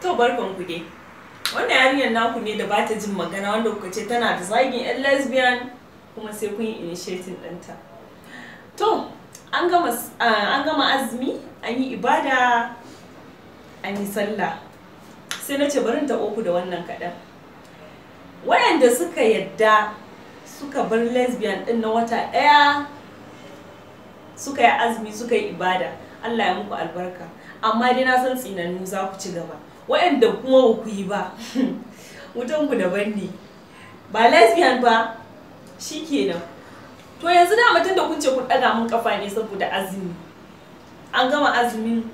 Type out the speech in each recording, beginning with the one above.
to barkan ku dai wannan yarinyar naku ne da ba ta jin magana wanda kuka ce tana da zagin yan lesbian kuma sai kun yi initiating ɗinta to an gama azumi an yi ibada an yi sallah sai na ce barin taɓo ku da wannan kaɗan wayanda suka yadda suka bar lesbian ɗin na wata ɗaya suka yi azumi suka yi ibada Allah ya muku albarka amma dai na san tsinannu za ku ci gaba waɗanda kuma ba ku yi ba mutum ku daban ne ba lesbian ba shi kenan to yanzu da mutum da kun ce ku ɗaga mun kafa ne saboda azumi an gama azumin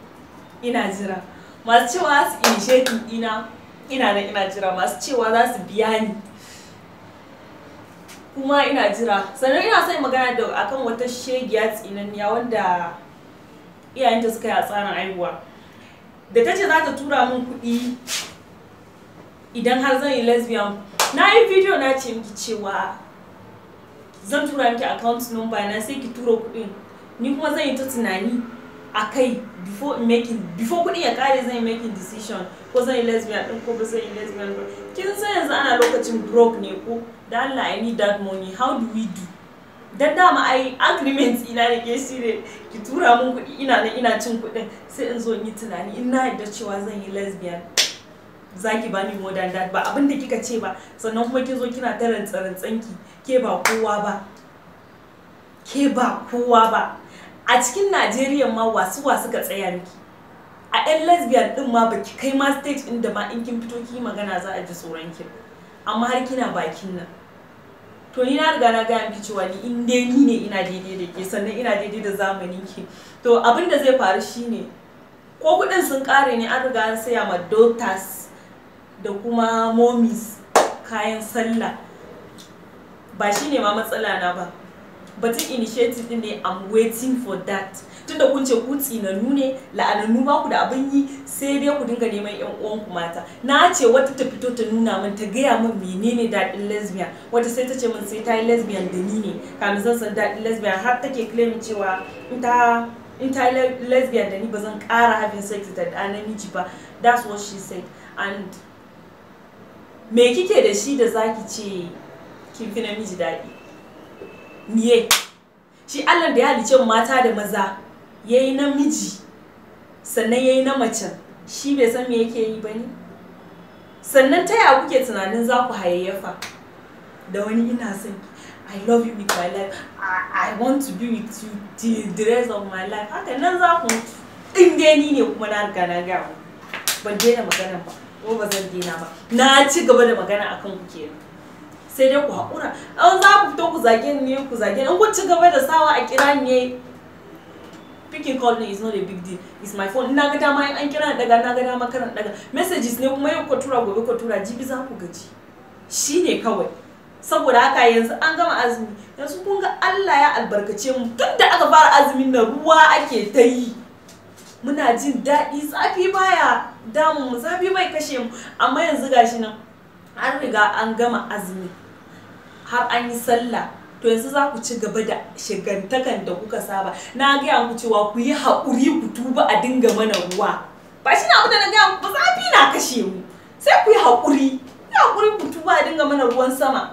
ina jira masu cewa su initiative ina ina nan ina jira masu cewa za su biya ni kuma ina jira sannan ina son magana da akan wata shegiya tsinanniya wanda iyayenta suka yi a tsarin aihuwa da ta ce za ta tura min kuɗi idan har zan yi lesbian na yi video na ce miki cewa zan tura miki account number na sai ki tura kuɗi ni kuma zan yi ta tunani a kai before making before kuɗin ya kare zan yi making decision ko zan yi lesbian ɗin ko ba zan yi lesbian ba kin san yanzu ana lokacin broke ne ko da Allah I need that money how do we do dan dama ai agreement ina da ke ne ki tura mun kuɗi ina na ina cin kuɗin sai in zo in yi tunani in na yarda cewa zan yi lesbian zaki ba ni more than ba abin da kika ce ba sannan kuma kin zo kina ta rantsa ki ke ba kowa ba ke ba kowa ba a cikin Najeriya ma wasu wasu ka tsaya miki a 'yan lesbian ɗin ma baki kai ma stage inda ma in kin fito ki magana za a ji tsoron ki amma har kina bakin nan to ni na riga na gaya miki cewa ni in dai ni ne ina daidai da ke sannan ina daidai da zamanin ki to abin da zai faru shine ko kudin sun kare ne an riga an saya ma daughters da kuma momis kayan sallah ba shine ma matsala na ba batun initiative ne i'm waiting for that tunda kun ce ku tsinannu ne la'anannu ba ku da abin yi sai dai ku dinga neman yan uwanku mata na ce wata ta fito ta nuna min ta gaya min menene daɗin lesbian wata sai ta ce min sai ta yi lesbian da ni ne kamin zan san daɗin lesbian har take claim cewa in ta in ta yi lesbian da ni ba zan ƙara having sex da namiji ba that's what she said and me kike da shi da zaki ce kin fi namiji daɗi miye shi Allah da ya halice mata da maza ya yi namiji sannan ya yi na mace shi bai san me yake yi ba ne sannan ta yaya kuke tunanin za ku hayayyafa da wani ina son ki I love you with my life I, I want to be with you the, the rest of my life haka nan za ku in dai ni ne kuma na riga na gaya ban daina magana ba ko ba zan daina ba na ci gaba da magana akan ku kenan sai dai ku haƙura an za ku fito ku zage ni ku zage ni in ku ci gaba da sawa a kira ni picking call ne is not a big deal is my phone na ga dama an kira daga na ga dama karan daga messages ne kuma yau ka gobe ka jibi za ku gaji shine kawai saboda haka yanzu an gama azumi yanzu kun ga Allah ya albarkace mu tun da aka fara azumin nan ruwa ake ta yi muna jin daɗi zafi baya damu mu zafi bai kashe mu amma yanzu gashi nan an riga an gama azumi har an yi sallah to yanzu za ku ci gaba da shigantakan da kuka saba na gaya muku cewa ku yi haƙuri ku tuba a dinga mana ruwa ba shi na abin na gaya muku zafi na kashe mu sai ku yi haƙuri ku haƙuri ku tuba a dinga mana ruwan sama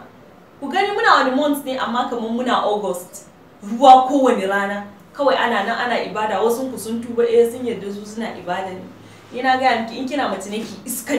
ku gani muna wani month ne amma kamar muna august ruwa kowane rana kawai ana nan ana ibada wasu ku sun tuba eh sun yarda su suna ibada ne na gaya in kina mace ne ki iska